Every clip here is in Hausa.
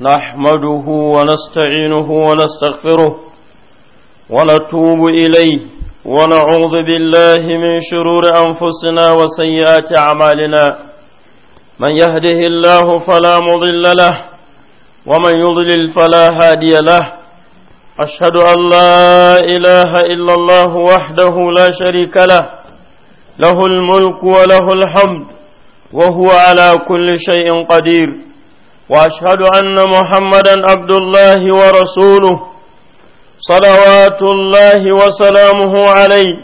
نحمده ونستعينه ونستغفره ونتوب إليه ونعوذ بالله من شرور أنفسنا وسيئات أعمالنا من يهده الله فلا مضل له ومن يضلل فلا هادي له أشهد أن لا إله إلا الله وحده لا شريك له له الملك وله الحمد وهو على كل شيء قدير واشهد ان محمدا عبد الله ورسوله صلوات الله وسلامه عليه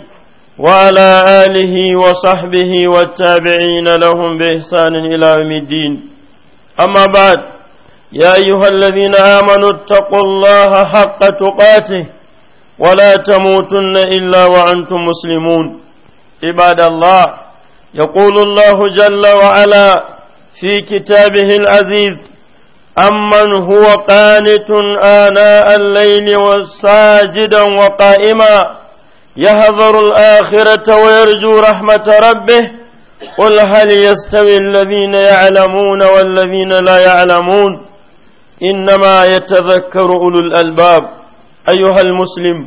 وعلى اله وصحبه والتابعين لهم باحسان الى يوم الدين اما بعد يا ايها الذين امنوا اتقوا الله حق تقاته ولا تموتن الا وانتم مسلمون عباد الله يقول الله جل وعلا في كتابه العزيز أمن هو قانت آناء الليل وساجدا وقائما يحذر الآخرة ويرجو رحمة ربه قل هل يستوي الذين يعلمون والذين لا يعلمون إنما يتذكر أولو الألباب أيها المسلم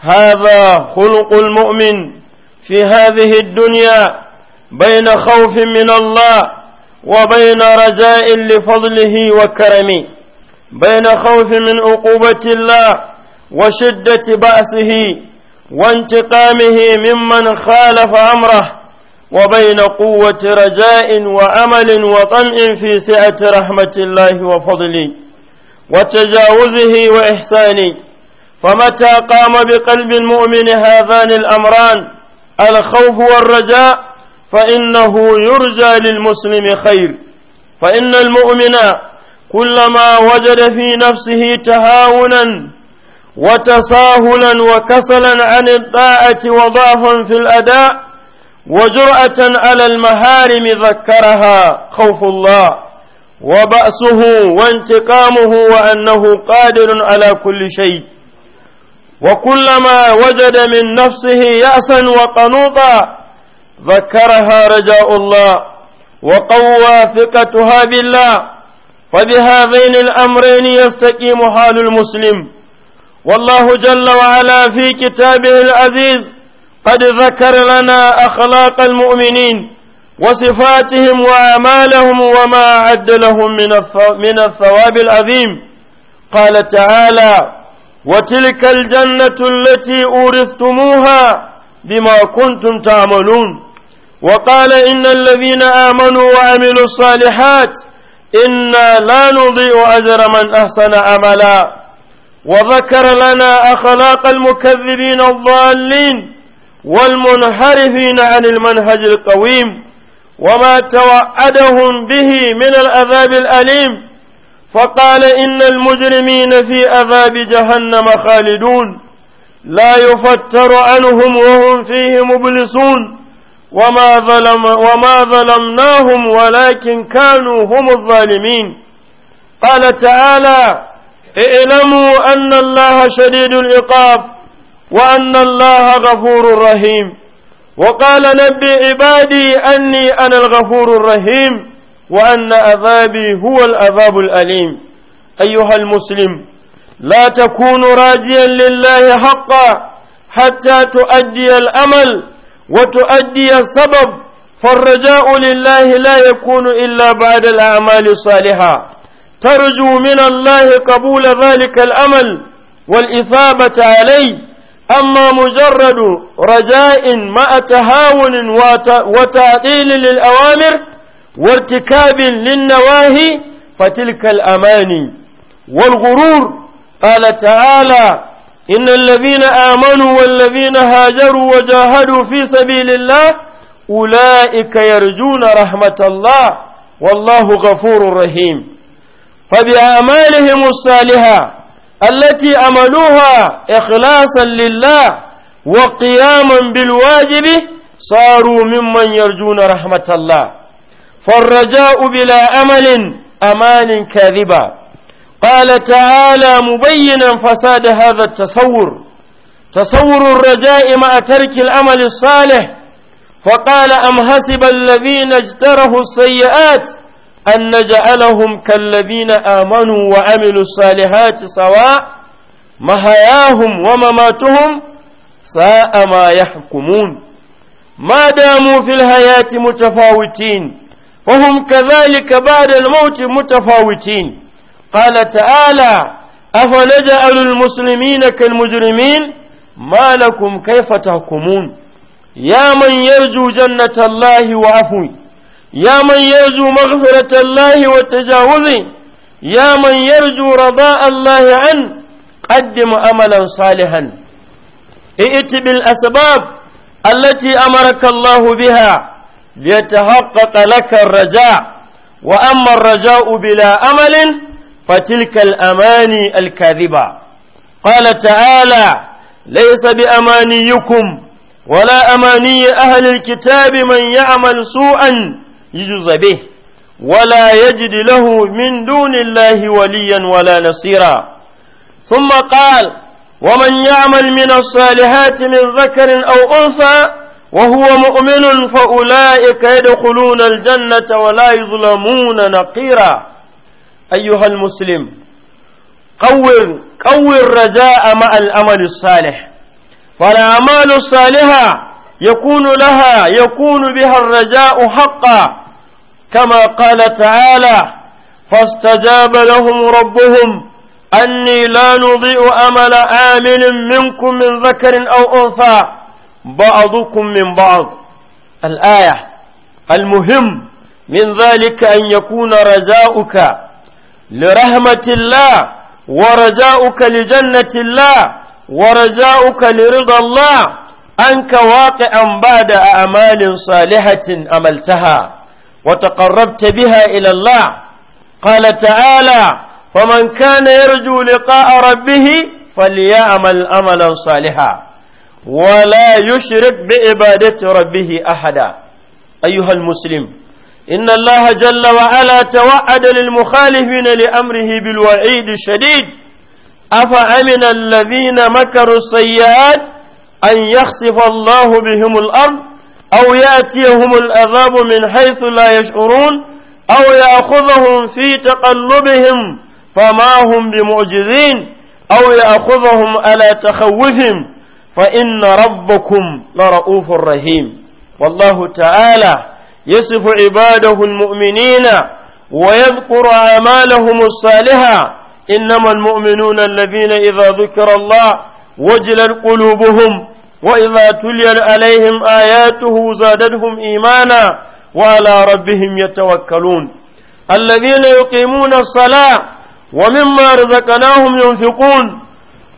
هذا خلق المؤمن في هذه الدنيا بين خوف من الله وبين رجاء لفضله وكرمه بين خوف من عقوبة الله وشدة بأسه وانتقامه ممن خالف أمره وبين قوة رجاء وأمل وطمع في سعة رحمة الله وفضله وتجاوزه وإحسانه فمتى قام بقلب المؤمن هذان الأمران الخوف والرجاء فإنه يرجى للمسلم خير فإن المؤمن كلما وجد في نفسه تهاونا وتساهلا وكسلا عن الطاعة وضعفا في الأداء وجرأة على المحارم ذكرها خوف الله وبأسه وانتقامه وأنه قادر على كل شيء وكلما وجد من نفسه يأسا وقنوطا ذكرها رجاء الله وقوى ثقتها بالله فبهذين الأمرين يستقيم حال المسلم والله جل وعلا في كتابه العزيز قد ذكر لنا أخلاق المؤمنين وصفاتهم وأعمالهم وما أعد لهم من الثواب العظيم قال تعالى وتلك الجنة التي أورثتموها بما كنتم تعملون وقال إن الذين آمنوا وعملوا الصالحات إنا لا نضيء أجر من أحسن عملا وذكر لنا أخلاق المكذبين الضالين والمنحرفين عن المنهج القويم وما توعدهم به من العذاب الأليم فقال إن المجرمين في عذاب جهنم خالدون لا يفتر عنهم وهم فيه مبلسون وما, ظلم وما ظلمناهم ولكن كانوا هم الظالمين قال تعالى اعلموا أن الله شديد العقاب وأن الله غفور رحيم وقال نبي عبادي أني أنا الغفور الرحيم وأن عذابي هو العذاب الأليم أيها المسلم لا تكون راجيا لله حقا حتى تؤدي الأمل وتؤدي السبب فالرجاء لله لا يكون إلا بعد الأعمال الصالحة ترجو من الله قبول ذلك الأمل والإثابة عليه أما مجرد رجاء مع تهاون وتعطيل للأوامر وارتكاب للنواهي فتلك الأماني والغرور قال تعالى إن الذين آمنوا والذين هاجروا وجاهدوا في سبيل الله أولئك يرجون رحمة الله والله غفور رحيم فبأعمالهم الصالحة التي أملوها إخلاصا لله وقياما بالواجب صاروا ممن يرجون رحمة الله فالرجاء بلا أمل أمان كاذبا قال تعالى مبينا فساد هذا التصور تصور الرجاء مع ترك العمل الصالح فقال أم حسب الذين اجترحوا السيئات أن نجعلهم كالذين آمنوا وعملوا الصالحات سواء محياهم ومماتهم ساء ما يحكمون ما داموا في الحياة متفاوتين وهم كذلك بعد الموت متفاوتين قال تعالى أفنجعل المسلمين كالمجرمين ما لكم كيف تحكمون يا من يرجو جنة الله وعفوه يا من يرجو مغفرة الله وتجاوزه يا من يرجو رضاء الله عنه قدم أملا صالحا ائت بالأسباب التي أمرك الله بها ليتحقق لك الرجاء وأما الرجاء بلا أمل فتلك الأماني الكاذبة قال تعالى ليس بأمانيكم ولا أماني أهل الكتاب من يعمل سوءا يجز به ولا يجد له من دون الله وليا ولا نصيرا ثم قال ومن يعمل من الصالحات من ذكر أو أنثى وهو مؤمن فأولئك يدخلون الجنة ولا يظلمون نقيرا أيها المسلم قوّر قوّر الرجاء مع الأمل الصالح فالأعمال الصالحة يكون لها يكون بها الرجاء حقا كما قال تعالى فاستجاب لهم ربهم أني لا نضيء أمل آمن منكم من ذكر أو أنثى بعضكم من بعض الآية المهم من ذلك أن يكون رجاؤك لرحمة الله ورجاؤك لجنة الله ورجاؤك لرضا الله أنك واقعا بعد أعمال صالحة عملتها وتقربت بها إلى الله قال تعالى فمن كان يرجو لقاء ربه فليعمل عملا صالحا ولا يشرك بعبادة ربه أحدا أيها المسلم إن الله جل وعلا توعد للمخالفين لأمره بالوعيد الشديد أفأمن الذين مكروا السيئات أن يخسف الله بهم الأرض أو يأتيهم العذاب من حيث لا يشعرون أو يأخذهم في تقلبهم فما هم بمعجزين أو يأخذهم على تخوفهم فإن ربكم لرؤوف رحيم والله تعالى يصف عباده المؤمنين ويذكر أعمالهم الصالحة إنما المؤمنون الذين إذا ذكر الله وجلت قلوبهم وإذا تليت عليهم آياته زادتهم إيمانا وعلى ربهم يتوكلون الذين يقيمون الصلاة ومما رزقناهم ينفقون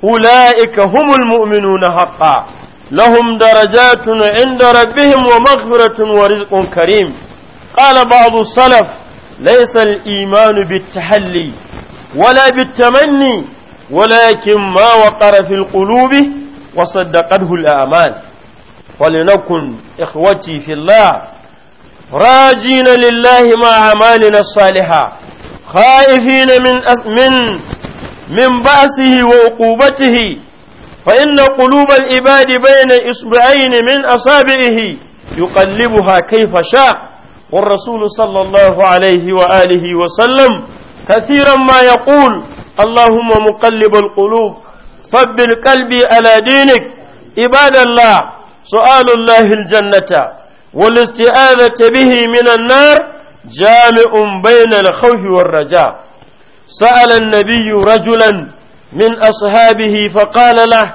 أولئك هم المؤمنون حقا لهم درجات عند ربهم ومغفرة ورزق كريم قال بعض السلف ليس الإيمان بالتحلي ولا بالتمني ولكن ما وقر في القلوب وصدقته الأعمال ولنكن إخوتي في الله راجين لله مع أعمالنا الصالحة خائفين من أس من من بأسه وعقوبته فإن قلوب العباد بين إصبعين من أصابعه يقلبها كيف شاء والرسول صلى الله عليه وآله وسلم كثيرا ما يقول اللهم مقلب القلوب ثبت قلبي على دينك عباد الله سؤال الله الجنة والاستعاذة به من النار جامع بين الخوف والرجاء سأل النبي رجلا من أصحابه فقال له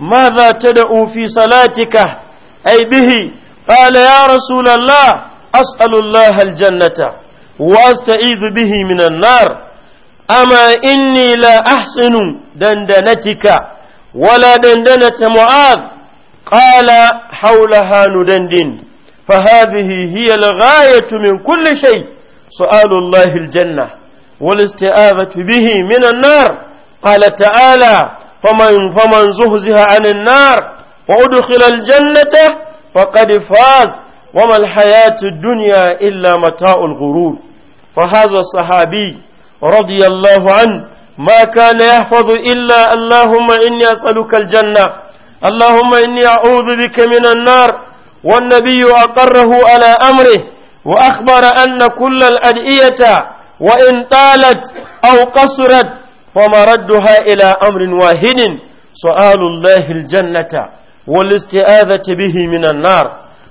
ماذا تدعو في صلاتك أي به قال يا رسول الله أسأل الله الجنة وأستعيذ به من النار أما إني لا أحسن دندنتك ولا دندنة معاذ قال حولها ندندن فهذه هي الغاية من كل شيء سؤال الله الجنة والاستعاذة به من النار qala ta'ala faman faman zuhziha 'anil nar wa udkhila al-jannata faqad faz wa ma al-hayatu ad-dunya illa mata'ul ghurur fa hadha as-sahabi radiyallahu anhu ما كان يحفظ إلا اللهم إني أسألك الجنة اللهم إني أعوذ بك من النار والنبي أقره على أمره وأخبر أن كل in وإن طالت أو قصرت ومردها إلى أمر واحد سؤال الله الجنة والاستئاذة به من النار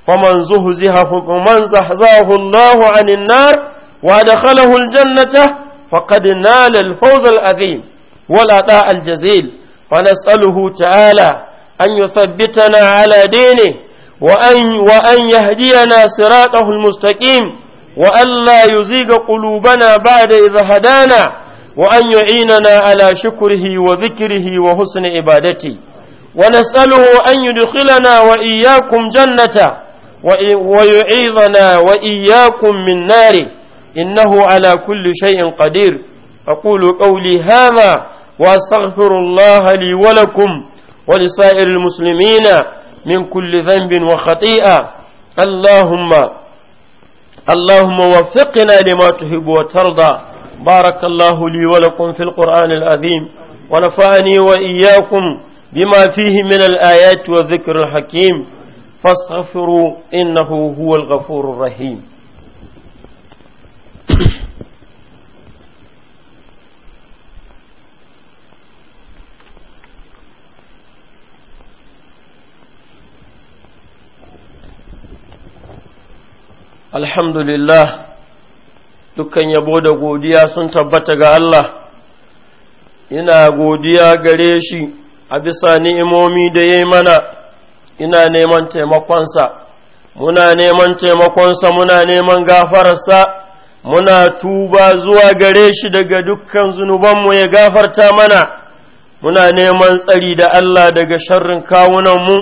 فمن زهزه ومن زحزاه الله عن النار وأدخله الجنة فقد نال الفوز العظيم والأداء الجزيل فنسأله تعالى أن يثبتنا على دينه وأن, وأن يهدينا صراطه المستقيم وأن لا يزيغ قلوبنا بعد إذ هدانا وأن يعيننا على شكره وذكره وحسن عبادته ونسأله أن يدخلنا وإياكم جنة ويعيذنا وإياكم من نار إنه على كل شيء قدير أقول قولي هذا وأستغفر الله لي ولكم ولسائر المسلمين من كل ذنب وخطيئة اللهم اللهم وفقنا لما تحب وترضى بارك الله لي ولكم في القرآن العظيم ونفعني وإياكم بما فيه من الآيات والذكر الحكيم فاستغفروا إنه هو الغفور الرحيم الحمد لله dukkan yabo da godiya sun tabbata ga Allah, ina godiya gare shi a bisa ni'imomi da ya mana, ina neman taimakonsa, muna neman taimakonsa, muna neman gafararsa, muna tuba zuwa gare shi daga dukkan zunubanmu ya gafarta mana, muna neman tsari da Allah daga sharrin kawunanmu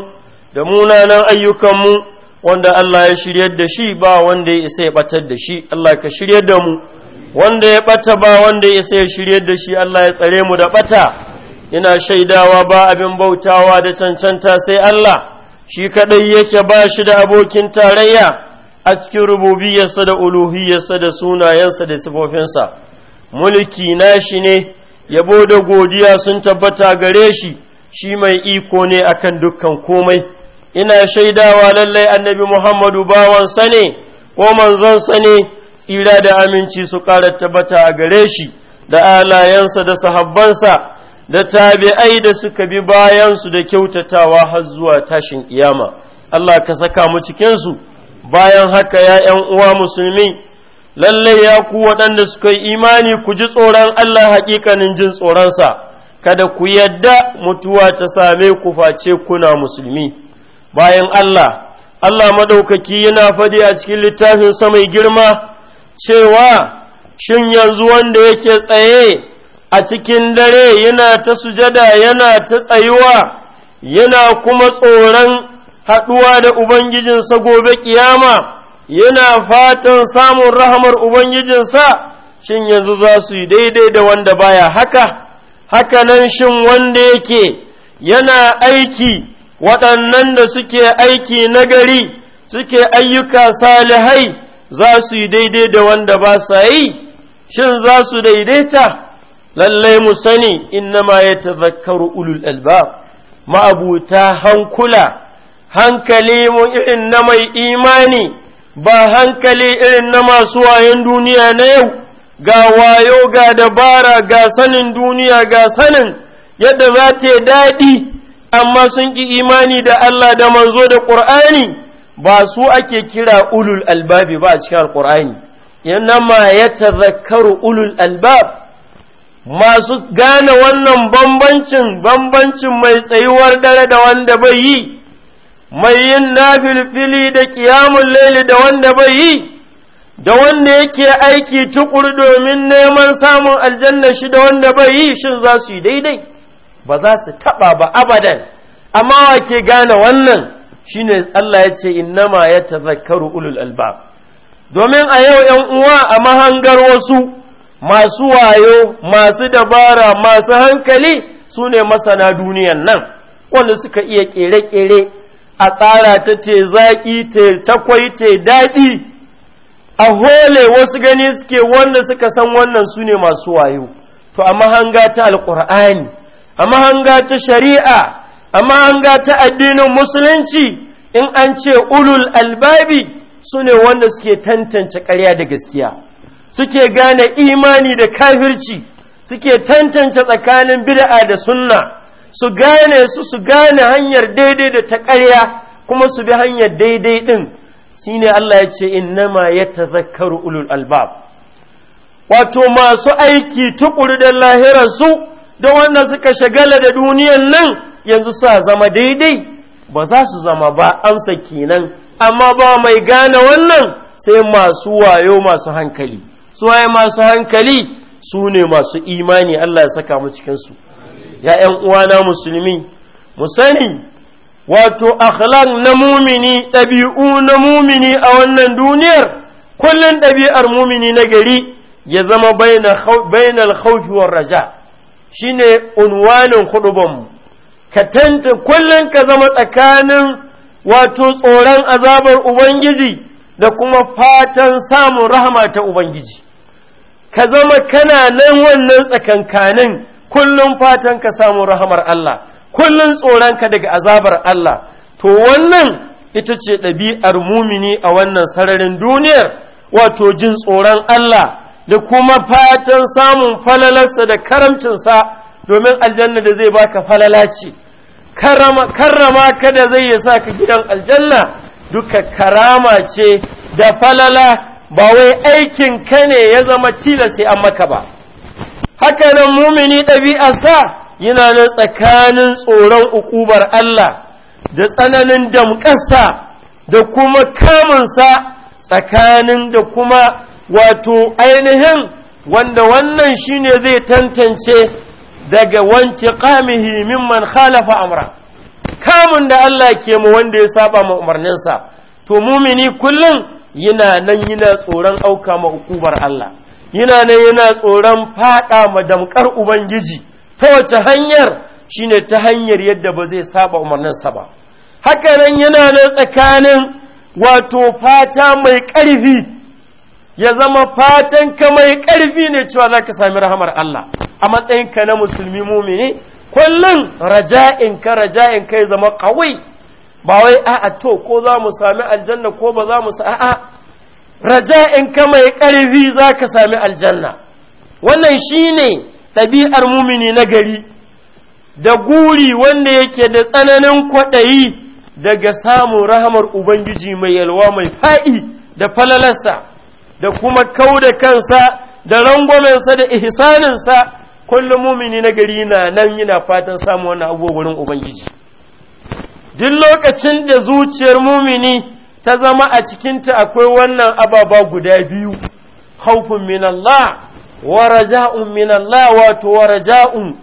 da munanan ayyukanmu. wanda Allah ya shirya da shi ba wanda ya isa ya batar da shi Allah ka shiryar da mu wanda ya bata ba wanda ya isa ya shiryar da shi Allah ya tsare mu da bata ina shaidawa ba abin bautawa da cancanta sai Allah shi kadai yake ba shi da abokin tarayya a cikin rububiyarsa da uluhiyarsa da sunayensa da sifofinsa mulki nashi ne yabo da godiya sun tabbata gare shi shi mai iko ne akan dukkan komai ina shaidawa lallai annabi Muhammadu bawansa ne ko manzon ne tsira da aminci su ƙara tabbata a gare shi da alayensa da sahabbansa da tabi'ai da suka bi bayansu da kyautatawa har zuwa tashin kiyama Allah ka saka mu cikin su bayan haka ya ‘yan uwa musulmi lallai ya ku waɗanda suka yi imani ku ji tsoron Allah haƙiƙanin jin tsoronsa kada ku yadda mutuwa ta same ku face kuna musulmi. bayan Allah Allah maɗaukaki yana faɗi a cikin littafin mai girma cewa shin yanzu wanda yake tsaye a cikin dare yana ta sujada yana ta tsayuwa yana kuma tsoron haɗuwa da Ubangijinsa gobe ƙiyama yana fatan samun rahamar Ubangijinsa shin yanzu za su yi daidai da wanda baya haka haka nan shin wanda yake yana aiki waɗannan da suke aiki nagari suke ayyuka salihai za su yi daidai da wanda ba sa yi shin za su daidaita lallai mu sani innama ya tazakkaru ulul albab ma'abuta hankula hankali mu irin na mai imani ba hankali irin na masu wayan duniya na yau ga wayo ga dabara ga sanin duniya ga sanin yadda za ta daɗi amma sun ƙi imani da Allah da manzo da ƙur'ani ba su ake kira ulul albabi ba a cikin alƙur'ani yanama ya tazakkaru ulul albab masu gane wannan bambancin bambancin mai tsayuwar dare da wanda bai yi mai yin nafilfili da ƙiyamun laili da wanda bai yi da wanda yake aiki tuƙuru domin neman samun aljanna shi da wanda bai yi shin za su yi daidai ba za su taɓa ba abadan amma wa ke gane wannan shine Allah ya ce innama ya tazakkaru ulul albab domin a yau ‘yan uwa a mahangar wasu masu wayo masu dabara masu hankali su ne masana duniyan nan wanda suka iya ƙere-ƙere a tsara ta te zaƙi te takwai te daɗi a hole wasu gani suke wanda suka san wannan su ne masu wayo to a mahanga ta alƙur'ani a mahanga ta shari'a a mahanga ta addinin musulunci in an ce ulul albabi su ne wanda suke tantance ƙarya da gaskiya suke gane imani da kafirci suke tantance tsakanin bid'a da sunna su gane su su gane hanyar daidai da ta ƙarya kuma su bi hanyar daidai ɗin ne Allah ya ce innama ya tazakkaru ulul albab wato masu aiki tukuru da su da wanda suka shagala da duniyan nan yanzu sa zama daidai ba za su zama ba amsa kenan amma ba mai gane wannan sai masu wayo masu hankali su waye masu hankali su ne masu imani Allah ya saka mu cikin su ya ‘yan uwana musulmi mu sani wato akhlaq na mumini ɗabi'u na mumini a wannan duniyar kullum ɗabi'ar mumini na gari ya zama bainal khawfi war raja' Shi ne unwanin hudubanmu ka tanta kullum ka zama tsakanin wato tsoron azabar ubangiji da kuma fatan samun rahama ta ubangiji ka zama kana nan wannan tsakankanin kullum fatan ka samun rahamar Allah kullum tsoron ka daga azabar Allah to wannan ita ce ɗabi'ar mumini a wannan sararin duniyar wato jin tsoron Allah da kuma fatan samun falalarsa da karamcinsa domin aljanna da zai baka falala ce karrama ka da zai yi sa ka gidan aljanna duka karama ce da falala ba wai aikin ka ne ya zama tilas sai an maka ba haka nan mumini sa, yana nan tsakanin tsoron ukubar Allah da tsananin damƙasa da kuma kamunsa tsakanin da kuma wato ainihin wanda wannan shine zai tantance daga wanti qamihi mimman khalafa amra kamun da Allah ke mu wanda ya saba ma umarninsa to mumini kullum yana nan yana tsoron auka ma hukumar Allah yana nan yana tsoron fada ma damkar ubangiji ta wace hanyar shine ta hanyar yadda ba zai saba umarninsa ba haka nan yana nan tsakanin wato fata mai ƙarfi ya zama fatan ka mai ƙarfi ne cewa za ka sami rahamar Allah a matsayinka na musulmi mumini kullum raja'in ka raja'in ka ya zama kawai ba wai a'a to ko za mu sami aljanna ko ba za mu sa a'a raja'in ka mai ƙarfi za ka sami aljanna wannan shine ɗabi'ar mumini na gari da guri wanda yake da tsananin kwaɗayi daga samun rahamar Ubangiji mai yalwa mai fa'i da falalarsa da kuma kau da kansa da rangwamensa da ihsaninsa kullum mumini na gari na nan yana fatan samun wannan abubuwa wurin ubangiji duk lokacin da zuciyar mumini ta zama a cikinta akwai wannan ababa guda biyu khawfun min Allah wa raja'un min Allah wato wa raja'un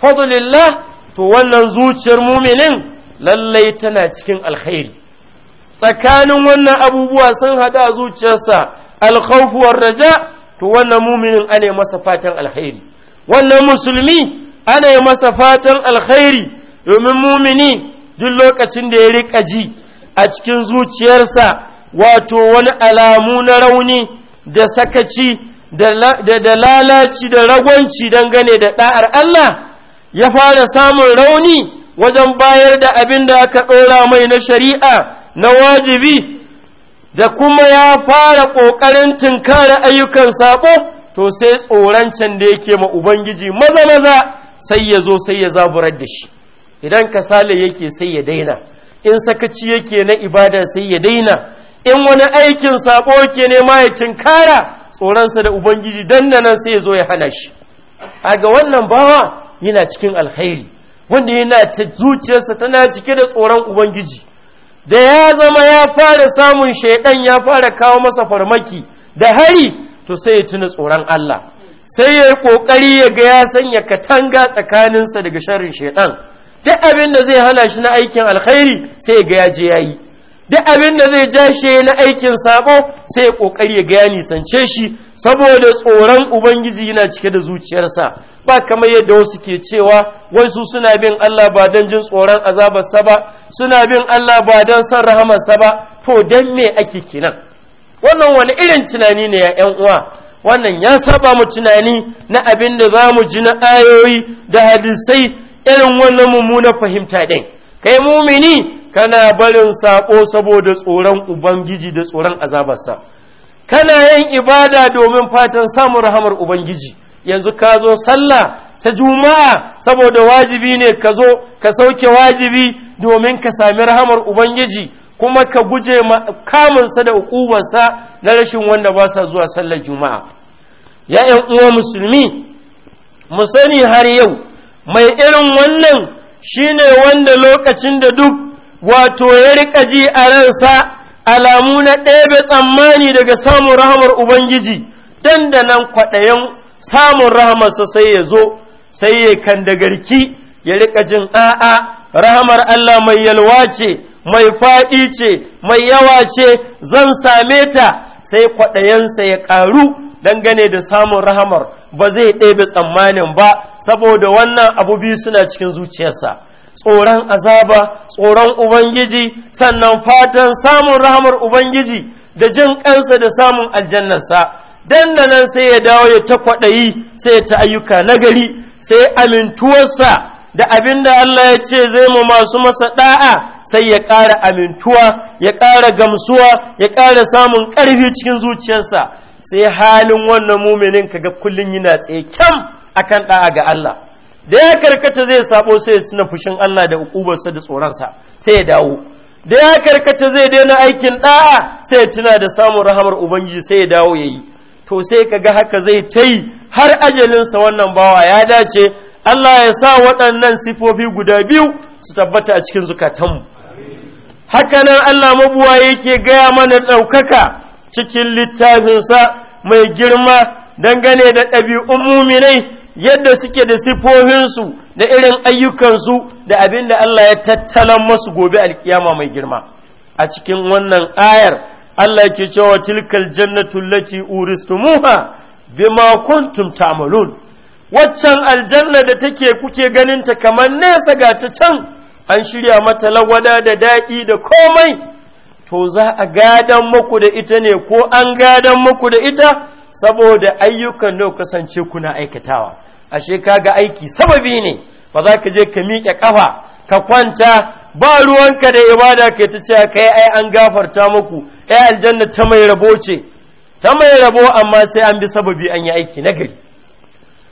fadlillah to wannan zuciyar muminin lallai tana cikin alkhairi tsakanin wannan abubuwa sun hada zuciyarsa alkhawfu raja to wannan muminin ana masa fatan alkhairi wannan musulmi ana yi masa fatan alkhairi domin mumini duk lokacin da ya rika ji a cikin zuciyarsa wato wani alamu na rauni da sakaci da lalaci da ragwanci dangane da ɗa'ar Allah ya fara samun rauni wajen bayar da abin da aka ɗora mai na shari'a na wajibi da kuma ya fara ƙoƙarin tunkara ayyukan saɓo to sai tsoron can da yake ma ubangiji maza maza sai ya zo sai ya zaburar da shi idan kasala yake sai ya daina in sakaci yake na ibada sai ya daina in wani aikin saɓo yake nema ya tunkara tsoronsa da ubangiji nan sai ya zo ya hana shi a ga wannan bawa yana cikin alkhairi wanda yana ta zuciyarsa tana cike da tsoron ubangiji da ya zama ya fara samun shaidan ya fara kawo masa farmaki da hari to sai ya tuna tsoron Allah sai ya yi kokari ya ga ya sanya katanga tsakaninsa daga sharin shaidan duk abin da zai hana shi na aikin alkhairi sai ya ga ya je yayi duk abin da zai ja shi na aikin sako sai ya kokari ya ga ya nisance shi saboda tsoron ubangiji yana cike da zuciyarsa ba kamar yadda wasu ke cewa wai su suna bin Allah ba don jin tsoron azabarsa ba suna bin Allah ba don san rahamarsa ba to dan me ake kenan wannan wani irin tunani ne ya ƴan uwa wannan ya saba mu tunani na abin da za mu ji na ayoyi da hadisai irin wannan mummuna fahimta ɗin kai mumini kana barin saƙo saboda tsoron ubangiji da tsoron azabarsa kana yin ibada domin fatan samun rahamar ubangiji yanzu ka zo sallah ta juma'a saboda wajibi ne ka zo ka sauke wajibi domin ka sami rahamar ubangiji kuma ka guje kamunsa da hukumarsa na rashin wanda ba sa zuwa sallar juma'a ya ‘yan uwa musulmi mu sani har yau mai irin wannan shine wanda lokacin da duk wato ya rika ji a ransa alamu na ɗebe tsammani daga samun rahamar ubangiji dandanan kwaɗayen samun rahamarsa sai ya zo sai ya kandagarki ya riƙa jin a'a rahamar Allah mai yalwa ce mai faɗi ce mai yawa ce zan same ta sai kwaɗayensa ya ƙaru dangane da samun rahamar ba zai ɗebe tsammanin ba saboda wannan abu biyu suna cikin zuciyarsa tsoron azaba tsoron ubangiji sannan fatan samun rahamar ubangiji da jin kansa da samun aljannarsa dandanan sai ya dawo ya ta kwaɗayi sai ya ta ayyuka nagari sai amintuwarsa da abin da Allah ya ce zai mu masu masa ɗa'a sai ya ƙara amintuwa ya ƙara gamsuwa ya ƙara samun ƙarfi cikin zuciyarsa sai halin wannan muminin kaga kullum yana tsaye kyam akan ɗa'a ga Allah da ya karkata zai sabo sai ya tuna fushin Allah da ukubarsa da tsoronsa sai ya dawo da ya karkata zai daina aikin da'a sai ya tuna da samun rahamar ubangiji sai ya dawo yayi to sai ka ga haka zai ta yi har ajalinsa wannan bawa ya dace Allah ya sa waɗannan sifofi guda biyu su tabbata a cikin zukatanmu nan Allah mabuwa yake gaya mana ɗaukaka cikin littafinsa mai girma dangane da ɗabi'un muminai yadda suke da sifofinsu da irin ayyukansu da abin da Allah ya tattalan masu gobe alkiyama mai girma a cikin wannan ayar Allah ke cewa tilkal jannatu lati uristumuha bima kuntum ta'malun waccan aljanna da take kuke ganin ta kamar nesa ga ta can an shirya mata lawada da daɗi da komai to za a gadan muku da ita ne ko an gadan muku da ita saboda ayyukan da kasance kuna aikatawa ashe ga aiki sababi ne ba za ka je ka miƙe ƙafa ka kwanta ba ruwanka da ibada ka ta ce kai ai an gafarta muku ai aljanna ta mai rabo ce ta mai rabo amma sai an bi sababi an yi aiki nagari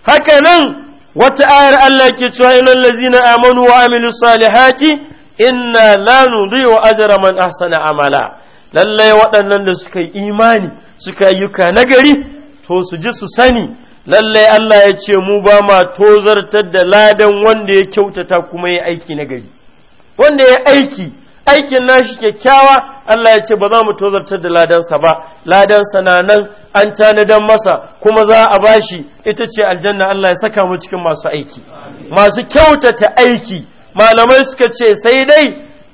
haka nan wata ayar Allah ke cewa lazi lazina amanu wa amilus salihati inna la nudhi'u ajra man ahsana amala lallai waɗannan da suka yi imani suka yi yuka nagari to su ji su sani lallai Allah ya ce mu ba ma tozartar da ladan wanda ya kyautata kuma ya aiki nagari wanda ya aiki aikin nashi kyakkyawa Allah ya ce ba za mu tozartar da ladansa ba ladansa na nan an tanadan masa kuma za a bashi ita ce aljanna Allah ya saka mu cikin masu aiki masu kyautata aiki malamai suka ce sai dai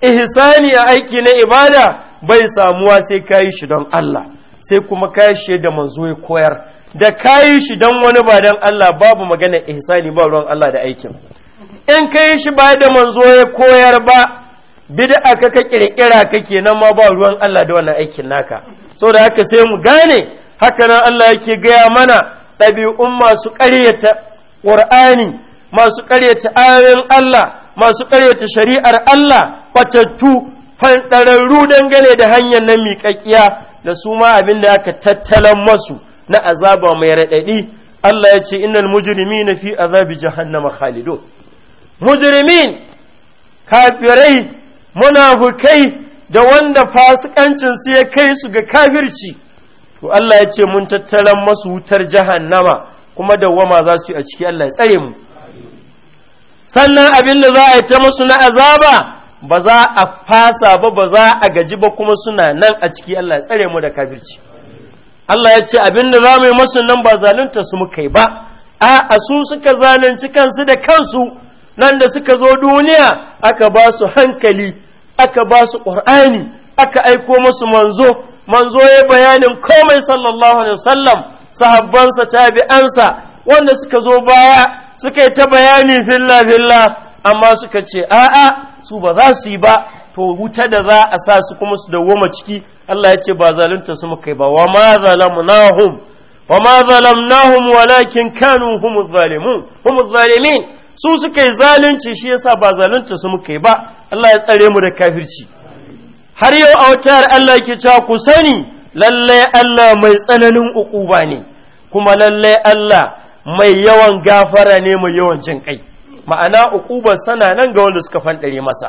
ihsani a aiki na ibada bai samuwa sai kayi shi don Allah sai kuma kayi shi da manzo ya koyar da kayi shi don wani ba don Allah babu magana ihsani ba ruwan Allah da aikin in kayi shi ba da manzo ya koyar ba bid'a ka ka kirkira kake nan ma ba ruwan Allah da wannan aikin naka saboda haka sai mu gane haka nan Allah yake gaya mana ɗabi'un masu ƙaryata ƙur'ani masu ƙaryata ayoyin Allah masu ƙaryata shari'ar Allah fatattu fanɗararru dangane da hanyar na miƙaƙiya da su ma abin da aka tattalan masu na azaba mai raɗaɗi Allah ya ce inal mujrimi na fi azabi jahannama Khalidu. mujrimin kafirai munafukai da wanda fasikancin su ya kai su ga kafirci to Allah ya ce mun tattalan masu wutar jahannama kuma dawwama za su yi a ciki Allah ya tsare mu sannan abin da za a yi ta musu na azaba ba za a fasa ba ba za a gaji ba kuma suna nan a ciki Allah ya tsare mu da kafirci Allah ya ce abinda za mu yi masu nan ba zalunta su muka yi ba a su suka zalunci kansu da kansu nan da suka zo duniya aka ba su hankali aka ba su ƙur'ani aka aiko musu manzo manzo ya bayanin komai sallallahu alaihi wasallam sahabbansa tabi'ansa wanda suka zo baya suka yi ta bayani filla filla amma suka ce a'a su ba za su yi ba to wuta da za a sa su kuma su dawoma ciki Allah ya ce ba zalunta su muka yi ba wa ma zalamnahum wa ma zalamnahum walakin kanu hum zalimun hum zalimin su suka yi zalunci shi yasa ba zalunta su muka yi ba Allah ya tsare mu da kafirci har yau a wutar Allah yake cewa ku sani lalle Allah mai tsananin ukuba ne kuma lalle Allah mai yawan gafara ne mai yawan jin kai ma'ana ukubar sana nan ga wanda suka fanɗare masa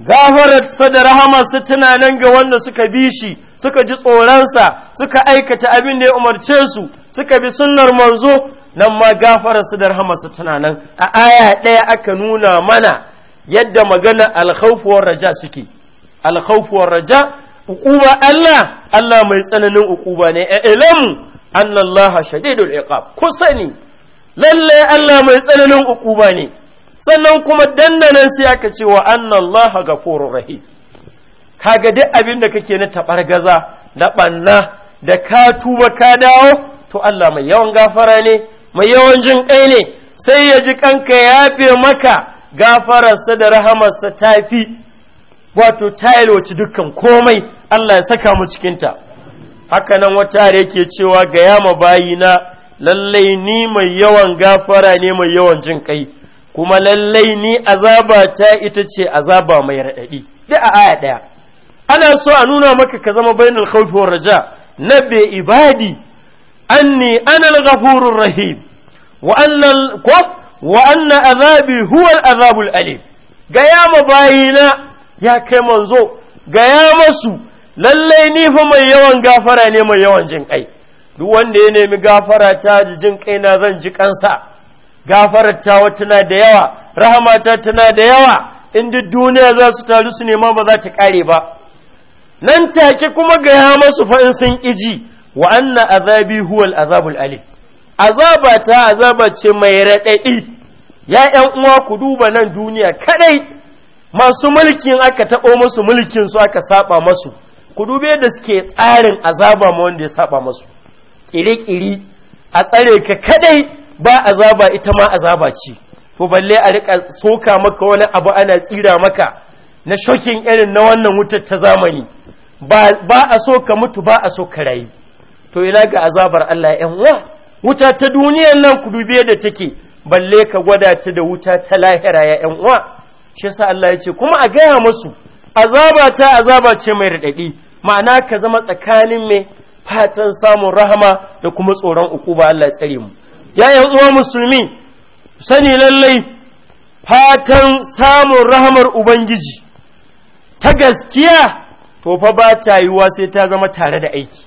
gafararsa da su tana nan ga wanda suka bi shi suka ji tsoronsa suka aikata abin da ya umarce su suka bi sunnar manzo nan ma gafararsa da su tana nan a aya ɗaya aka nuna mana yadda magana alkhaufuwar raja suke alkhaufuwar raja uquba Allah Allah mai tsananin uquba ne a ilamu annallaha shadidul iqab ku sani Lallai Allah mai tsananin ukuba ne sannan kuma dandanan sai aka ce wa ga ghafurur rahim kaga duk abin da kake na gaza na ɓanna da ka tuba ka dawo to Allah mai yawan gafara ne mai yawan jin ƙai ne sai ya ji kanka ya yafe maka gafararsa da rahamarsa ta fi wato ta yalwaci dukkan komai Allah ya saka mu cikinta Haka nan wata yake cewa ga yama bayina lallai ni mai yawan gafara ne mai yawan jin kai kuma lallai ni azaba ta ita ce azaba mai raɗaɗi Da a aya ɗaya ana so a nuna maka ka zama bainul khawfi war raja nabe ibadi anni ana al-ghafurur rahim wa anna wa anna azabi huwa al-azabul alim ga ya mabayina ya kai manzo ga ya masu lallai ni fa mai yawan gafara ne mai yawan jin kai duk wanda ya nemi gafara ta jin kaina zan ji kansa gafara ta tana da yawa rahama ta tana da yawa in duk duniya za su taru su nema ba za ta kare ba nan take kuma gaya masu fa in sun iji wa anna azabi huwal azabul alim azaba ta azaba ce mai raɗaɗi ya ƴan uwa ku duba nan duniya kaɗai, masu mulkin aka taɓo masu mulkin su aka saba masu ku dube da suke tsarin azaba ma wanda ya saba masu ƙiri kiri a tsare ka kadai ba azaba ita ma azaba ce to balle a rika soka maka wani abu ana tsira maka na shokin irin na wannan wutar ta zamani ba a so ka mutu ba a so ka rayu to ina ga azabar Allah ‘yan uwa wuta ta duniyar nan ku dubiye da take balle ka gwada ta da wuta ta lahira ya ‘yan uwa shi yasa Allah ya ce kuma a gaya musu azaba ta azaba ce mai raɗaɗi ma'ana ka zama tsakanin mai fatan samun rahama da kuma tsoron uku ba Allah ya tsare mu ya yi uwa musulmi sani lallai fatan samun rahamar ubangiji ta gaskiya to fa ba ta yiwuwa sai ta zama tare da aiki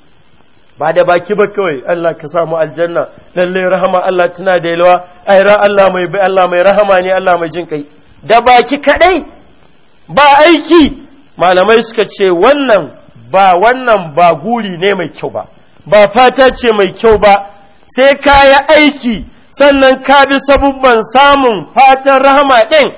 ba da baki ba kawai Allah ka samu aljanna lallai rahama Allah tana da yalwa ai ra Allah mai bai Allah mai rahama ne Allah mai jin kai da baki kadai ba aiki malamai suka ce wannan ba wannan ba guri ne mai kyau ba ba fata ce mai kyau ba sai ka yi aiki sannan ka bi sabubban samun fatan rahama ɗin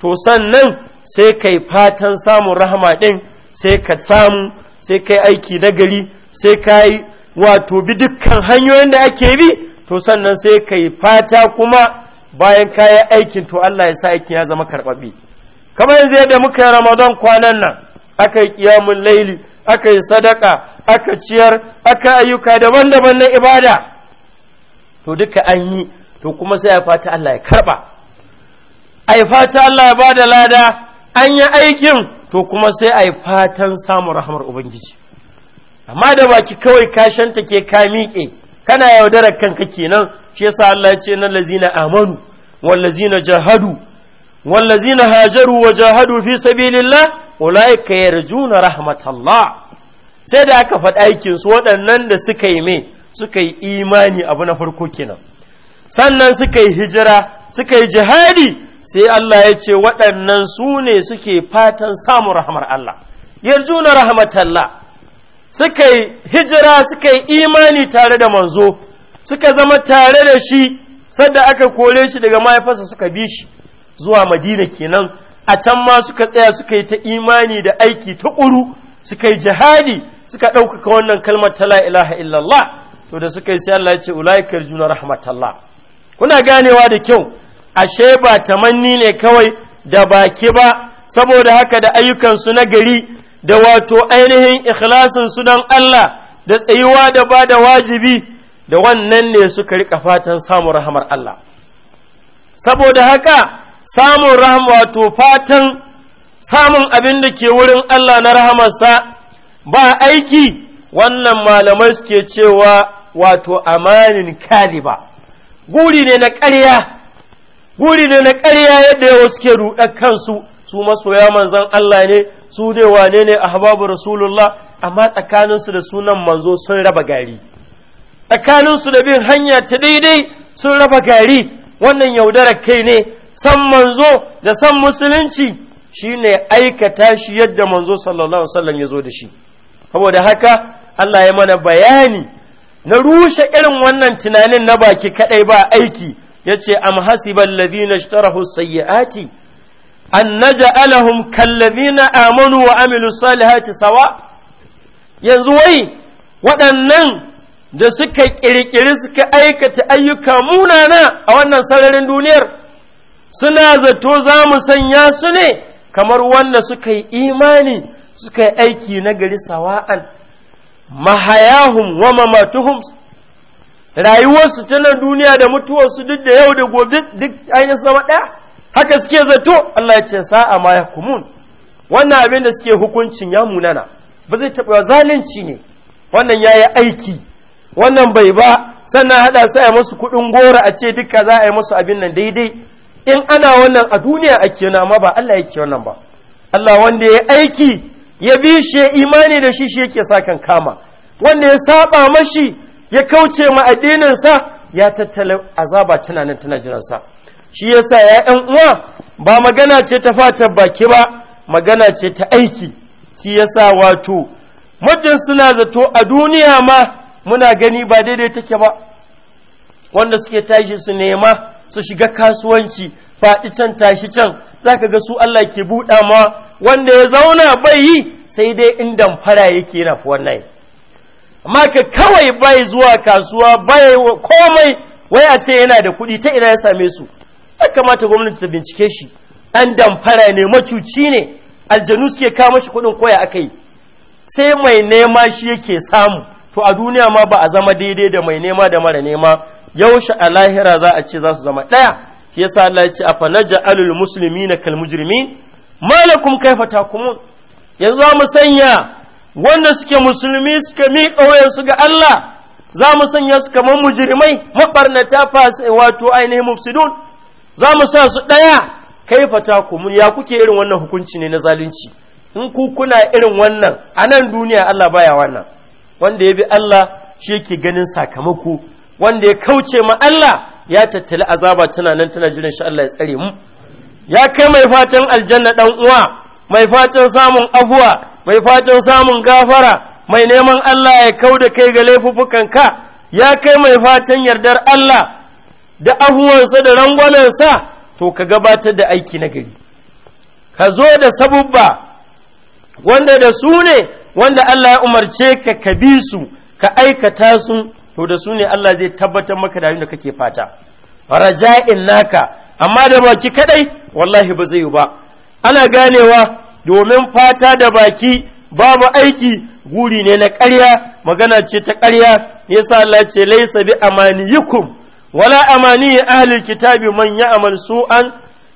to sannan sai ka fatan samun rahama ɗin sai ka samu sai ka aiki nagari gari sai ka yi wato bi dukkan hanyoyin da ake bi to sannan sai ka yi fata kuma bayan ka yi aikin to Allah ya sa aikin ya zama karɓaɓɓe kamar yanzu yadda muka yi ramadan kwanan nan aka yi kiyamun laili aka yi sadaka aka ciyar aka ayyuka daban-daban na ibada to duka an yi to kuma sai a fata Allah ya karɓa a fata Allah ya bada lada an yi aikin to kuma sai a fatan samun rahamar Ubangiji amma da baki kawai kashanta ke ka miƙe kana yaudarar kanka kenan shi yasa Allah ya ce na lazina amanu lazina jahadu والذين هاجروا وجاهدوا في سبيل الله أولئك يرجون رحمة الله sai da aka faɗa su waɗannan da suka yi mai suka yi imani abu na farko kenan sannan suka yi hijira suka yi jihadi sai Allah ya ce waɗannan su ne suke fatan samun rahmar Allah yarjuna rahmatallah suka yi hijira suka yi imani tare da manzo suka zama tare da shi sadda aka kore shi daga mahaifarsa suka bi shi zuwa madina kenan a can ma suka tsaya suka yi ta imani da aiki ta ƙuru suka yi jihadi suka ɗaukaka wannan kalmar ta la ilaha illallah to da suka yi sai Allah ya ce ulaikar juna rahmatallah kuna ganewa da kyau ashe ba tamanni ne kawai da baki ba saboda haka da ayyukansu na gari da wato ainihin ikhlasin su don Allah da tsayuwa da ba da wajibi da wannan ne suka riƙa fatan samun rahamar Allah saboda haka samun rahama wato fatan samun abin da ke wurin Allah na rahamarsa ba aiki wannan malamai suke cewa wato amanin kaliba guri ne na ƙarya guri ne na ƙarya yadda yawa suke ruɗa kansu su masoya manzan Allah ne su dai wane ne ahbabu rasulullah amma tsakaninsu da sunan manzo sun raba gari tsakaninsu da bin hanya ta daidai sun raba gari wannan yaudarar kai ne san manzo da san musulunci shine aikata shi yadda manzo sallallahu alaihi wasallam ya zo da shi saboda haka Allah ya mana bayani na rushe irin wannan tunanin na baki kadai ba aiki yace am hasibal ladina ishtarahu sayyiati an naj'alahum kal ladina amanu wa amilus salihati sawa yanzu wai waɗannan da suka ƙirƙiri suka aikata ayyuka munana a wannan sararin duniyar suna zato za mu sanya su ne kamar wanda suka yi imani suka yi aiki na gari sawa'an mahayahum wa mamatuhum rayuwarsu ta nan duniya da mutuwarsu duk da yau da gobe duk ainihin sama ɗaya haka suke zato Allah ya ce sa'a ma ya kumun wannan abin da suke hukuncin ya munana ba zai taɓa zalunci ne wannan ya yi aiki wannan bai ba sannan haɗa sai a masu kuɗin gora a ce duka za a yi musu abin nan daidai in ana wannan a duniya ake yana ma ba Allah yake wannan ba Allah wanda ya aiki ya bi shi imani da shi shi yake sa kan kama wanda ya saba mashi ya kauce ma addinin sa ya tattala azaba tana nan tana jiran sa shi yasa ya ɗan uwa ba magana ce ta fata baki ba magana ce ta aiki shi yasa wato muddin suna zato a duniya ma muna gani ba daidai take ba wanda suke tashi su nema su shiga kasuwanci faɗi can tashi can za ka ga su Allah ke buɗa ma wanda ya zauna bai yi sai dai in damfara yake yana wannan amma ka kawai bai zuwa kasuwa bai komai wai a ce yana da kuɗi ta ina ya same su ya kamata gwamnati ta bincike shi an damfara ne macuci ne aljanu suke kama shi kuɗin koya aka yi sai mai nema shi yake samu to a duniya ma ba a zama daidai da mai nema da mara nema yaushe a lahira za a ce za su zama ɗaya ya sa Allah ya ce a afa naj'alul musulmi na mujrimin malakum fata kuma? yanzu za mu sanya wanda suke musulmi suka miƙa su ga Allah za mu sanya su kamar mujirmai mabarnata fasa wato ainihin mufsidun za mu sa su ɗaya fata kuma ya kuke irin wannan hukunci ne na zalunci in ku kuna irin wannan a nan duniya Allah baya wannan wanda ya bi Allah shi yake ganin sakamako wanda ya kauce ma Allah ya tattali azaba tana nan tana jiran shi Allah ya tsare mu ya kai mai fatan aljanna dan uwa mai fatan samun afuwa mai fatan samun gafara mai neman Allah ya kau da kai ga ka. ya kai mai fatan yardar Allah da afuwansa da rangwamensa to ka gabatar da aiki na gari ka zo da sabubba wanda da su ne wanda Allah ya umarce ka ka bi su ka aikata su to da su ne Allah zai tabbatar maka da da kake fata raja'in naka amma da baki kadai wallahi ba zai yi ba ana ganewa domin fata da baki babu aiki guri ne na ƙarya magana ce ta ƙarya yasa Allah ce laisa bi amaniyikum wala amani ahlil kitabi man ya'mal su'an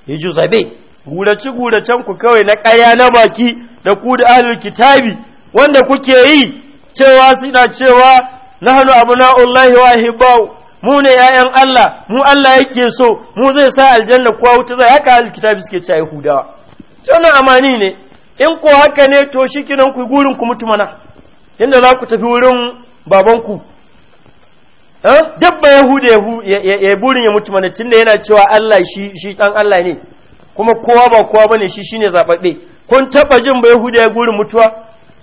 yujza bi gurace guracen ku kawai na ƙarya na baki da ku da ahlil kitabi wanda kuke yi cewa suna cewa nahnu abna'ullahi wa ahibba'u mu ne ‘ya'yan Allah, mu Allah yake so, mu zai sa aljanna kuwa wuta zai haka alkitabi suke ci a Yahudawa. Wannan amani ne, in ko haka ne to shi kinan ku gurin ku mutu mana, inda za ku tafi wurin babanku. Eh? Dabba Yahuda ya burin ya mutu mana tunda yana cewa Allah shi shi ɗan Allah ne, kuma kowa ba kowa bane shi shine zaɓaɓɓe. Kun taba jin ba Yahuda ya gurin mutuwa?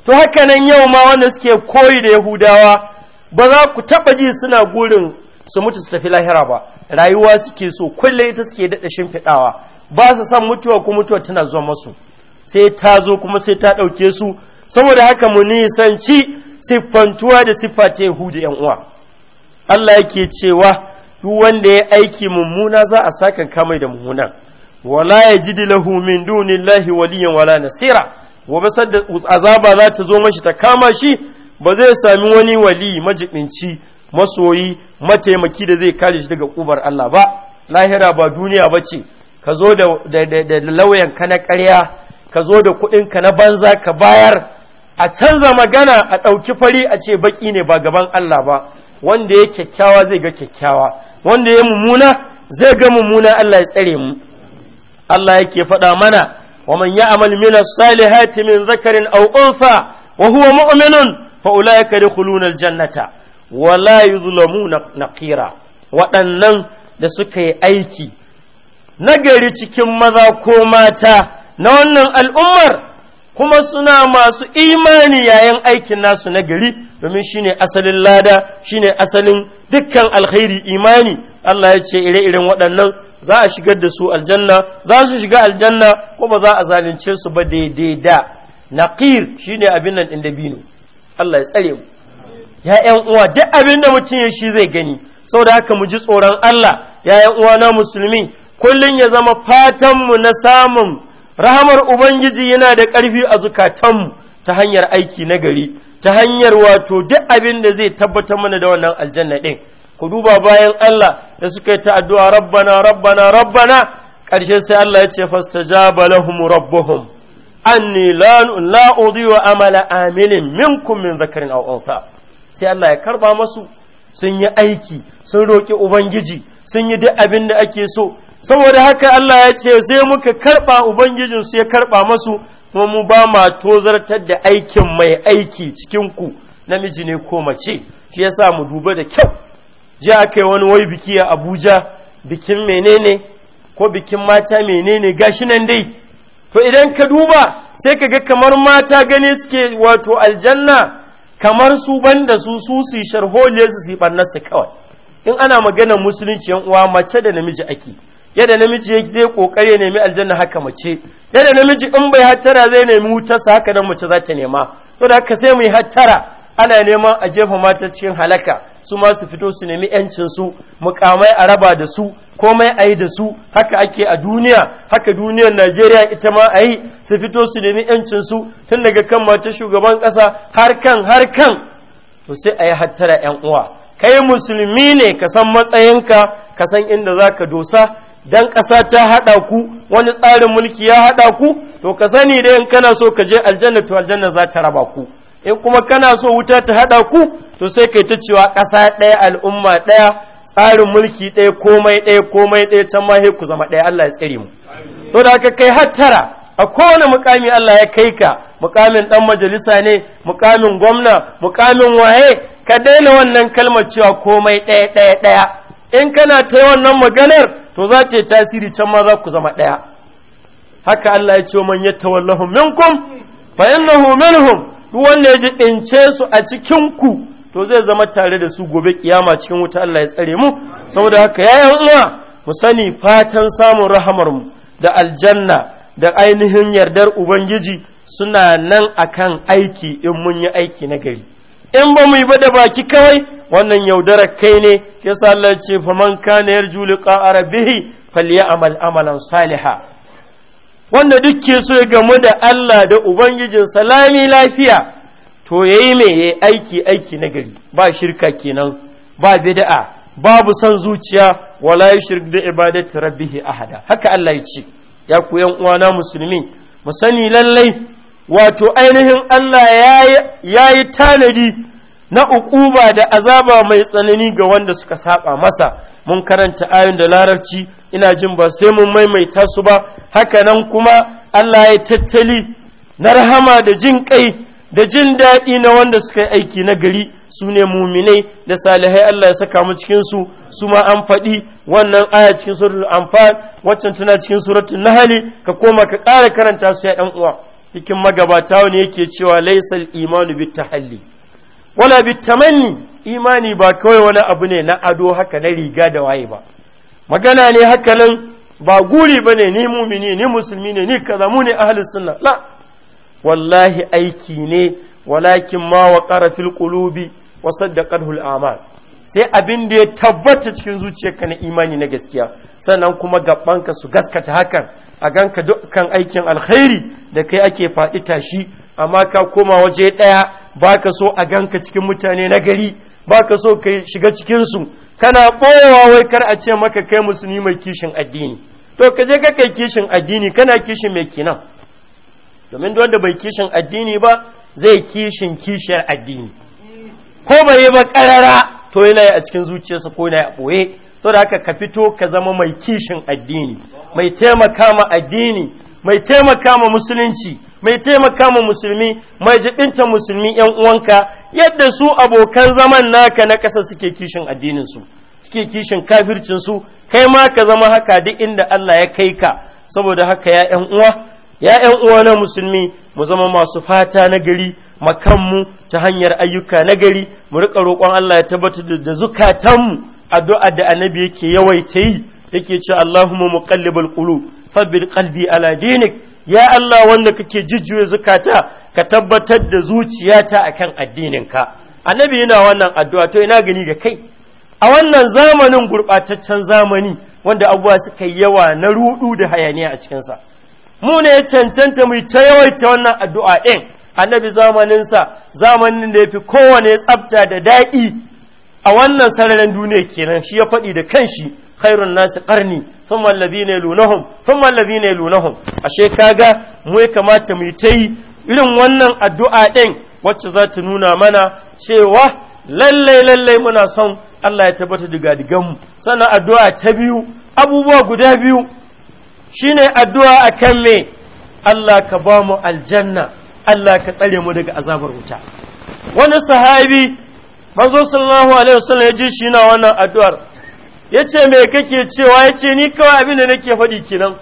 To haka nan yau ma wanda suke koyi da Yahudawa ba za ku taɓa ji suna gurin su mutu su tafi lahira ba rayuwa suke so kullum ita suke daɗa shimfiɗawa ba su san mutuwa ko mutuwa tana zuwa masu sai ta zo kuma sai ta ɗauke su saboda haka mu nisanci siffantuwa da siffa ta yahuda yan uwa Allah yake cewa duk wanda ya aiki mummuna za a saka kamai da mummuna wala yajidu lahu min dunillahi waliyan wala nasira wa basad azaba za ta zo mashi ta kama shi ba zai sami wani wali majibinci masoyi mataimaki da zai kare shi daga kubar Allah ba lahira ba duniya ba ce ka zo da lauyan ka na karya, ka zo da kuɗin ka na banza ka bayar a canza magana a ɗauki fari a ce baki ne ba gaban Allah ba wanda ya kyakkyawa zai ga kyakkyawa wanda ya mummuna zai ga mummuna Allah ya tsare mu Allah yake faɗa mana wa man ya'mal min as-salihati min zakarin aw unsa wa huwa mu'minun fa ulaika jannata. aljannata wa la yuzlamuna naqira waɗannan da suka yi aiki nagari cikin maza ko mata na wannan al'ummar kuma suna masu imani yayin aikin nasu na gari domin shine asalin lada shine asalin dukkan alkhairi imani Allah ya ce ire-iren waɗannan za a shigar da su aljanna za su shiga aljanna ko ba za a zalunce su ba daidai da naqir shine abin nan din dabino Allah ya tsare mu ya ƴan uwa duk abin da mutum ya shi zai gani saboda haka mu ji tsoron Allah ya ƴan uwa na musulmi kullun ya zama fatan mu na samun rahamar ubangiji yana da ƙarfi a zukatan mu ta hanyar aiki na gari ta hanyar wato duk abin da zai tabbatar mana da wannan aljanna din ku duba bayan Allah da suka yi ta addu'a rabbana rabbana rabbana ƙarshe sai Allah ya ce fastajaba lahum rabbuhum anni la amala amilin minkum min zakarin aw unsa sai Allah ya karba masu sun yi aiki sun roki ubangiji sun yi duk abin da ake so saboda haka Allah ya ce sai muka karba ubangijin su ya karba masu kuma mu ba ma tozartar da aikin mai aiki cikin ku namiji ne ko mace shi yasa mu duba da kyau ji aka wani wai biki a Abuja bikin menene ko bikin mata menene gashi nan dai to idan ka duba sai ka ga kamar mata gani suke wato aljanna kamar su banda su su su sharholiya su su su kawai in ana magana musulunci yan uwa mace da namiji ake yadda namiji zai kokari ya nemi aljanna haka mace yadda namiji in bai hattara zai nemi wutarsa haka nan mace za ta nema to da haka sai mu yi hattara ana neman a jefa mata cikin halaka su ma su fito su nemi yancinsu mukamai a raba da su komai a yi da su haka ake a duniya haka duniyar najeriya ita ma a yi su fito su nemi yancinsu tun daga kan mata shugaban ƙasa har kan har kan to sai a yi hattara yan uwa kai musulmi ne ka san matsayinka ka san inda za ka dosa dan ƙasa ta haɗa ku wani tsarin mulki ya haɗa ku to ka sani dai in kana so ka je aljanna to aljanna za ta raba ku in kuma kana so wuta ta haɗa ku to sai kai ta cewa ƙasa ɗaya al'umma ɗaya tsarin mulki ɗaya komai ɗaya komai ɗaya can ma ku zama ɗaya Allah ya tsare mu so da haka kai hattara a kowane mukami Allah ya kai ka mukamin ɗan majalisa ne mukamin gwamna mukamin waye ka daina wannan kalmar cewa komai ɗaya ɗaya ɗaya in kana ta wannan maganar to za ta yi tasiri can ma za ku zama ɗaya haka Allah ya ce man yatawallahu minkum fa innahu minhum duk wanda ya ji ɗince su a cikin ku to zai zama tare da su gobe kiyama cikin wuta Allah ya tsare mu saboda haka yayan uwa mu sani fatan samun rahamar mu da aljanna da ainihin yardar ubangiji suna nan akan aiki in mun yi aiki na gari in ba mu yi ba da baki kawai wannan yaudarar kai ne ya sa Allah ce faman kana yarju liqa rabbih falyamal amalan salihah wanda duk ke so ya gamu da Allah da Ubangijin salami lafiya to ya yayi mai yayi aiki aiki na gari ba shirka kenan ba bida'a babu son zuciya wala yushrik da ibadati rabbih ahada haka Allah ya ce ya ku yan uwana musulmi mu sani lallai wato ainihin Allah ya yi tanadi na uquba da azaba mai tsanani ga wanda suka saba masa mun karanta ayon da larabci ina jin ba sai mun maimaita su ba haka nan kuma Allah ya tattali na rahama da jin kai da jin daɗi na wanda suka yi aiki na gari su ne muminai da salihai Allah ya saka mu cikin su su ma an faɗi wannan aya cikin suratul anfal waccan tana cikin suratul nahali ka koma ka ƙara karanta su ya ɗan uwa cikin magabata ne yake cewa laisal imanu bit wala tamanni imani ba kawai wani abu ne na ado haka na riga da waye ba magana ne haka nan ba guri ba ne ni mumini ni musulmi ne ni kaza mu ne ahlus sunna la wallahi aiki ne walakin ma wa fil qulubi wa saddaqahu amal sai abin da ya tabbata cikin zuciyarka na imani na gaskiya sannan kuma gabanka su gaskata hakan a ganka dukkan aikin alkhairi da kai ake faɗi tashi amma ka koma waje ɗaya ka so a ganka cikin mutane na gari ka so ka shiga cikinsu kana ɓowa wai kar a ce maka kai musulmi mai kishin addini to ka je ka kai kishin addini kana kishin mai kinan domin wanda bai kishin addini ba zai kishin kishiyar addini ko bai yi ba karara to yana yi a cikin zuciyarsa ko yana yi a ɓoye to da haka ka fito ka zama mai kishin addini mai taimaka ma addini mai taimaka ma musulunci mai taimaka ma musulmi mai jibinta musulmi yan uwanka yadda su abokan zaman naka na ƙasa suke kishin addinin su suke kishin kafircin su kai ma ka zama haka duk inda Allah ya kai ka saboda haka ya yan uwa ya yan uwa na musulmi mu zama masu fata na gari makanmu ta hanyar ayyuka na gari mu riƙa roƙon Allah ya tabbatar da da zukatanmu addu'a da annabi yake yawaita yi yake ce Allahumma muqallibal qulub fabbil qalbi ala dinik ya Allah wanda kake jujjuya zukata ka tabbatar da zuciyata a akan addininka annabi yana wannan addu'a to ina gani ga kai a wannan zamanin gurbataccen zamani wanda abubuwa suka yi yawa na rudu da hayaniya a cikinsa mu ne ya cancanta mu ta yawaita wannan addu'a ɗin annabi zamaninsa zamanin da ya fi kowane tsabta da daɗi a wannan sararin duniya kenan shi ya faɗi da kanshi khairun nasi qarni thumma alladhina yalunahum thumma alladhina yalunahum ashe kaga mu ya kamata mu yi irin wannan addu'a din wacce za ta nuna mana cewa lallai lallai muna son Allah ya tabbata diga digan mu addu'a ta biyu abubuwa guda biyu shine addu'a akan me Allah ka ba mu aljanna Allah ka tsare mu daga azabar wuta wani sahabi manzo sallallahu alaihi wasallam ya ji shi na wannan addu'ar ya ce mai kake cewa ya ce ni kawai abin da nake faɗi kenan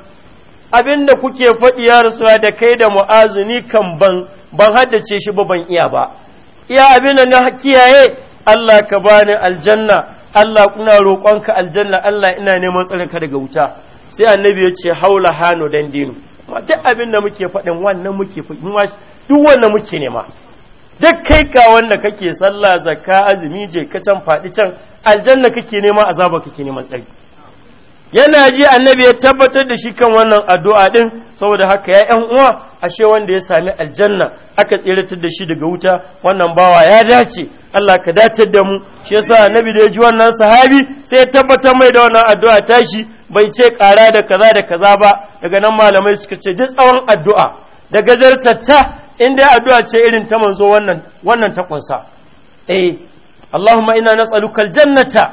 abin da kuke faɗi ya rasuwa da kai da mu'azu ni kan ban ban haddace shi ba ban iya ba iya abin da na kiyaye Allah ka bani aljanna Allah kuna roƙonka aljanna Allah ina neman tsarinka daga wuta sai annabi ya ce haula hano dan dinu duk abin da muke faɗin wannan muke duk wannan muke nema duk kai ka wanda kake sallah zakka azumi je ka can faɗi can aljanna kake nema azaba kake neman tsari yana ji annabi ya tabbatar da shi kan wannan addu'a din saboda haka ya yan uwa ashe wanda ya sami aljanna aka tseratar da shi daga wuta wannan bawa ya dace Allah ka datar da mu shi yasa annabi da ya ji wannan sahabi sai ya tabbatar mai da wannan addu'a tashi bai ce kara da kaza da kaza ba daga nan malamai suka ce duk tsawon addu'a da gajartatta in dai addu'a ce irin ta manzo wannan wannan ta kunsa eh Allahumma inna nas'aluka aljannata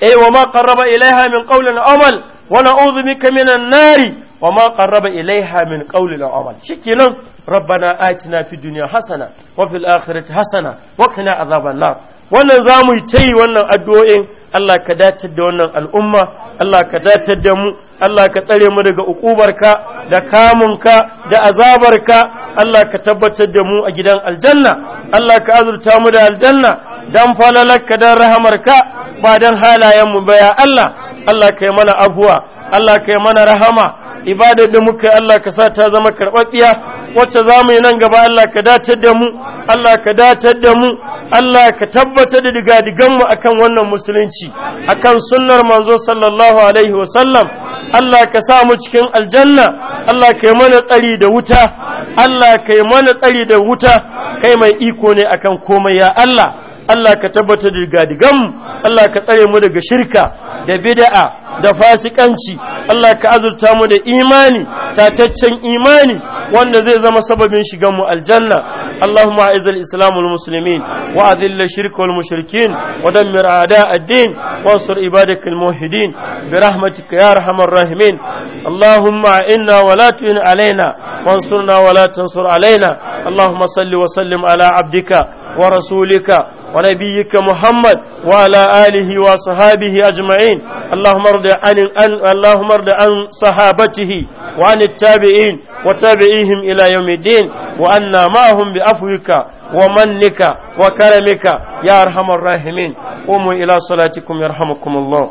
eh wa ma qarraba ilaiha min qawlin amal wa na'udhu bika minan nari wa ma qarraba ilaiha min qawli aw amal shikenan rabbana atina fi dunya hasana wa fil akhirati hasana wa qina azaban nar wannan zamu tayi wannan addu'o'in Allah ka datar da wannan al'umma Allah ka datar da mu Allah ka tsare mu daga ukubarka da kamunka da azabarka Allah ka tabbatar da mu a gidan aljanna Allah ka azurta mu da aljanna don falalarka don rahamarka ba don halayenmu ba ya Allah Allah kai mana abuwa Allah kai mana rahama ibadar da muka Allah ka sa ta zama karɓaɓɓiya wacce za mu yi nan gaba Allah ka datar da mu Allah ka datar da mu Allah ka tabbatar da digadiganmu akan wannan musulunci akan sunnar manzo sallallahu alaihi wasallam Allah ka sa mu cikin aljanna Allah ka yi mana tsari da wuta Allah ka yi mana tsari da wuta kai mai iko ne akan komai ya Allah Allah ka tabbata da gadigan Allah ka tsare mu daga shirka da bida'a da fasikanci Allah ka azurta mu da imani tataccen imani wanda zai zama sababin shigan mu aljanna Allahumma a'iz al-islam wal muslimin wa adhill ash-shirk wal mushrikin wa dammir a'da' ya arhamar rahimin Allahumma inna wa la tu'in alaina wa ansurna wa la tansur alaina Allahumma salli wa sallim ala 'abdika ورسولك ونبيك محمد وعلى آله وصحابه أجمعين اللهم ارض عن اللهم ارض عن صحابته وعن التابعين وتابعيهم إلى يوم الدين وأنا معهم بعفوك ومنك وكرمك يا أرحم الراحمين قوموا إلى صلاتكم يرحمكم الله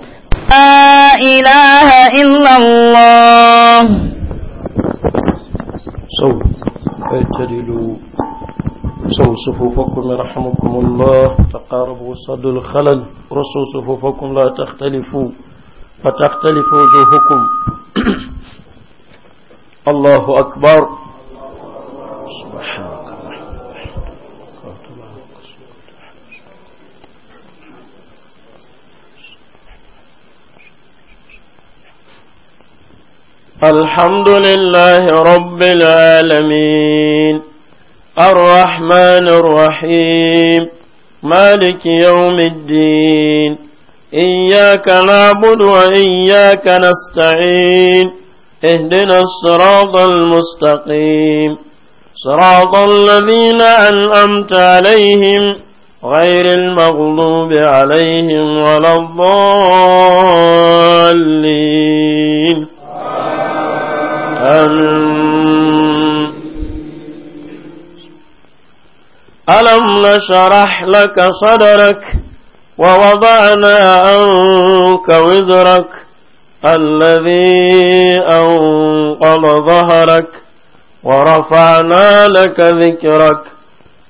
لا إله إلا الله صو اعتدلوا صو صفوفكم يرحمكم الله تقاربوا صدوا الخلل رصوا صفوفكم لا تختلفوا فتختلف وجوهكم الله أكبر سبحان الحمد لله رب العالمين الرحمن الرحيم مالك يوم الدين إياك نعبد وإياك نستعين اهدنا الصراط المستقيم صراط الذين أنأمت عليهم غير المغضوب عليهم ولا الضالين ألم نشرح لك صدرك ووضعنا عنك وزرك الذي أنقض ظهرك ورفعنا لك ذكرك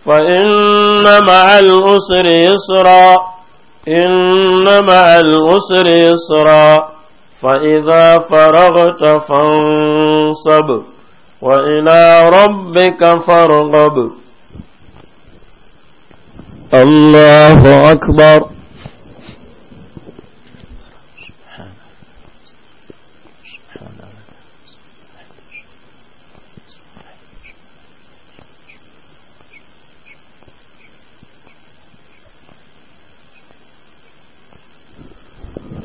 فإن مع الأسر يسرا إن مع الأسر يسرا فإذا فرغت فانصب وإلى ربك فارغب الله أكبر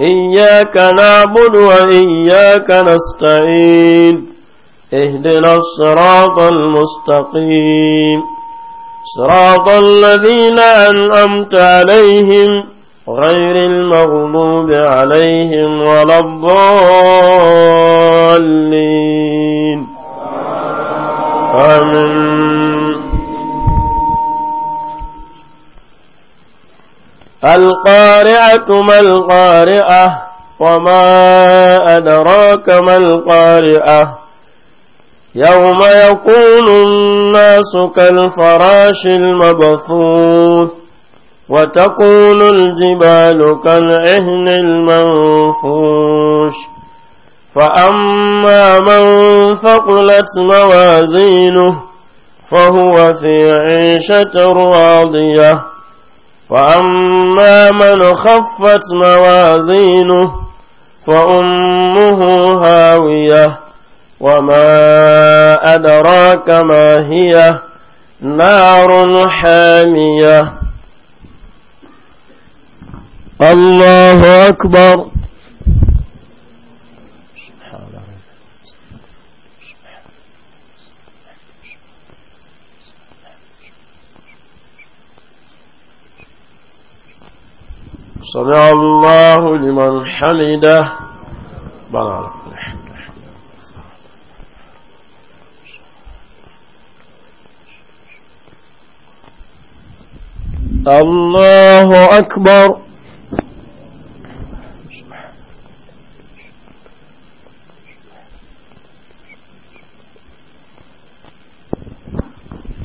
إياك نعبد وإياك نستعين اهدنا الصراط المستقيم صراط الذين أنأمت عليهم غير المغضوب عليهم ولا الضالين آمين القارعة ما القارعة وما أدراك ما القارعة يوم يكون الناس كالفراش المبثوث وتكون الجبال كالعهن المنفوش فأما من ثقلت موازينه فهو في عيشة راضية وأما من خفت موازينه فأمه هاوية وما أدراك ما هي نار حامية الله أكبر سمع الله لمن حمده بنا الله أكبر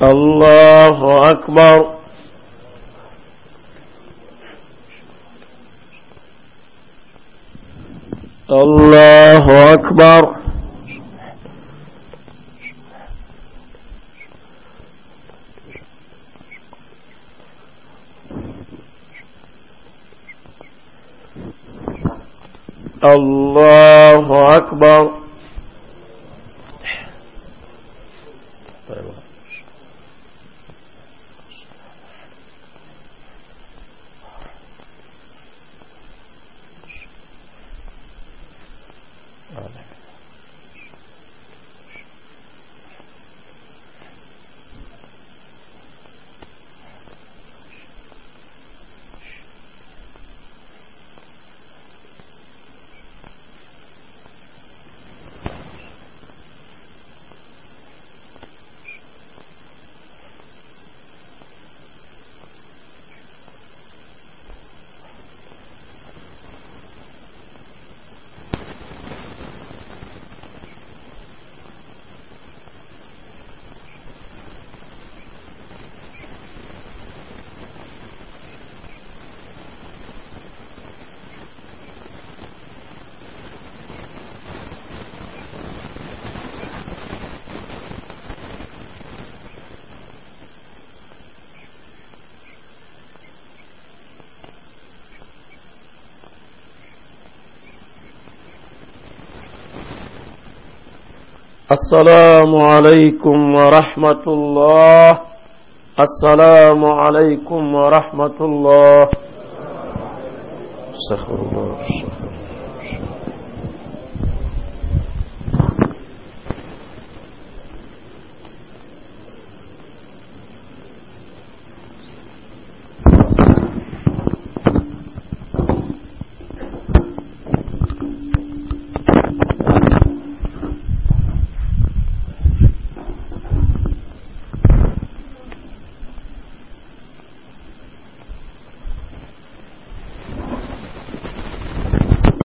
الله أكبر الله أكبر الله أكبر السلام عليكم ورحمة الله السلام عليكم ورحمة الله سخر الله